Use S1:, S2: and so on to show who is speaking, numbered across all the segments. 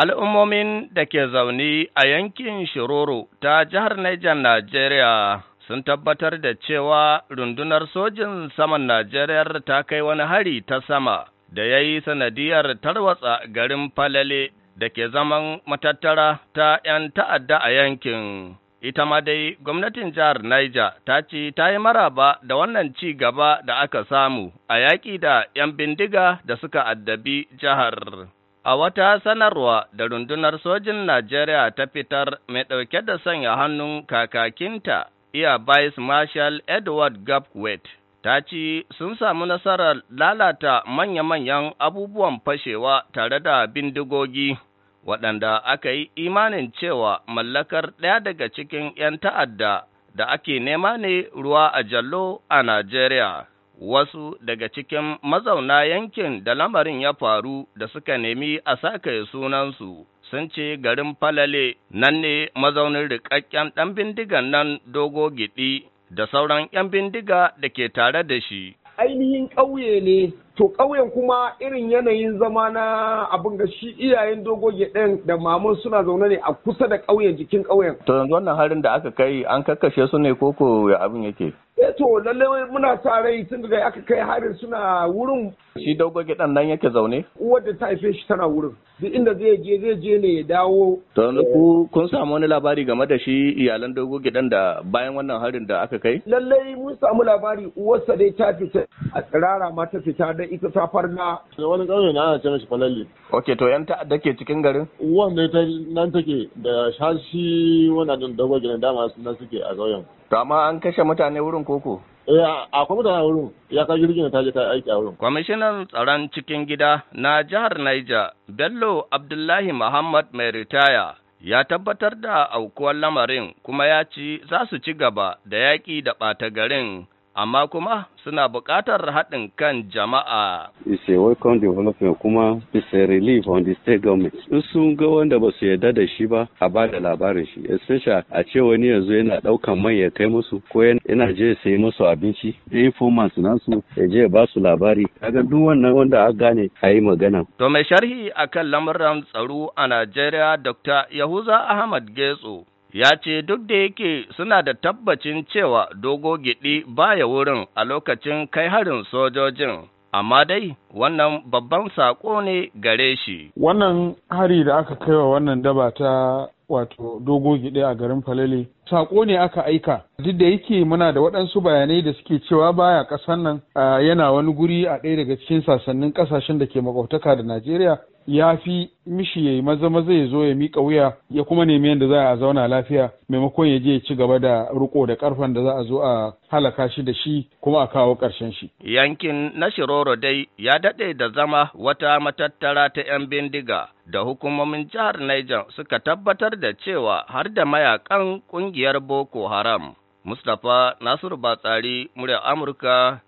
S1: Al'ummomin da ke zaune a yankin Shiroro ta jihar Niger Najeriya sun tabbatar da cewa rundunar sojin saman Najeriya ta kai wani hari ta sama da ya yi sanadiyar tarwatsa garin Falale da ke zaman matattara ta ‘yan ta'adda a yankin. Ita ma dai gwamnatin jihar Niger ta ce ta yi maraba da wannan ci gaba da aka samu a yaƙi da ‘yan bindiga da suka addabi jihar. A wata sanarwa da rundunar sojin Najeriya ta fitar mai ɗauke da sanya hannun kakakinta iya Vice Marshal Edward Gapwet ta ce sun samu nasarar lalata manya-manyan abubuwan fashewa tare da bindigogi waɗanda aka yi imanin cewa mallakar ɗaya daga cikin ‘yan ta'adda da ake nema ne ruwa a jallo a Najeriya. wasu daga cikin mazauna yankin da lamarin ya faru da suka nemi a sake sunansu sun ce garin falale nan ne mazaunin rikakken ɗan bindigan nan dogo gidi, da sauran 'yan bindiga da ke tare da shi.
S2: Ainihin ƙauye ne to ƙauyen kuma irin yanayin zama na abin ga shi iyayen dogoge ɗin da mamun suna zaune ne a kusa da ƙauyen jikin ƙauyen.
S1: to yanzu wannan harin da aka kai an kakkashe su ne koko ya abin yake
S2: E, to lalle muna sa rai tun daga aka kai harin suna wurin
S1: shi dogoge ɗan nan yake zaune
S2: uwar da ta haife shi tana wurin duk inda zai je zai je ne ya dawo to yanzu
S1: kun samu wani labari game da shi iyalan dogoge ɗan da bayan wannan harin da aka kai
S2: lallai mun samu labari uwarsa dai ta fita a tsirara ma ta fita da ita ta farga
S1: da wani ƙauye na ana ce mishi falalle ok to yan ta'adda ke cikin garin wanda ta nan take da shashi wannan dogon gidan dama nan suke a ƙauyen to amma an kashe mutane wurin koko eh, akwai mutane wurin ya kai jirgin ta je ta aiki a wurin. Kwamishinan tsaron cikin gida na jihar Niger, Bello Abdullahi Muhammad mai ritaya ya tabbatar da aukuwar lamarin kuma ya ci za su ci gaba da yaƙi da ɓata garin amma kuma suna buƙatar haɗin kan jama'a.
S2: It's a welcome development kuma it's a relief on the state government. In sun ga wanda ba su yarda da shi ba a ba da labarin shi. Especially a ce wani yanzu yana ɗaukan mai ya kai musu ko yana je sayi musu abinci. Informants nasu ya je ba su labari. Kaga duk wannan wanda aka gane a yi magana.
S1: To mai sharhi akan lamuran tsaro a Najeriya Dr. Yahuza Ahmad Getso ya ce duk da yake suna da tabbacin cewa dogo gidi baya wurin a lokacin kai harin sojojin amma dai wannan babban saƙo ne gare shi
S3: wannan hari da aka kai wa wannan daba ta wato dogo gidi a garin falale saƙo ne aka aika duk da yake muna da waɗansu bayanai da suke cewa baya ƙasar nan yana wani guri a ɗaya daga cikin sassanin ƙasashen da ke makwabtaka da najeriya ya fi mishi ya yi maza maza ya zo ya miƙa wuya ya kuma nemi yadda za a zauna lafiya maimakon ya je ya ci gaba da riko da ƙarfan da za a zo a halaka shi da shi kuma a kawo ƙarshen shi.
S1: Yankin na Shiroro dai ya daɗe da zama wata matattara ta 'yan bindiga da hukumomin jihar Niger suka tabbatar da cewa har da mayakan ƙungiyar Boko Haram. Mustapha Nasiru Batsari, murya Amurka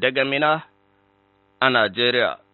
S1: daga Mina a Najeriya.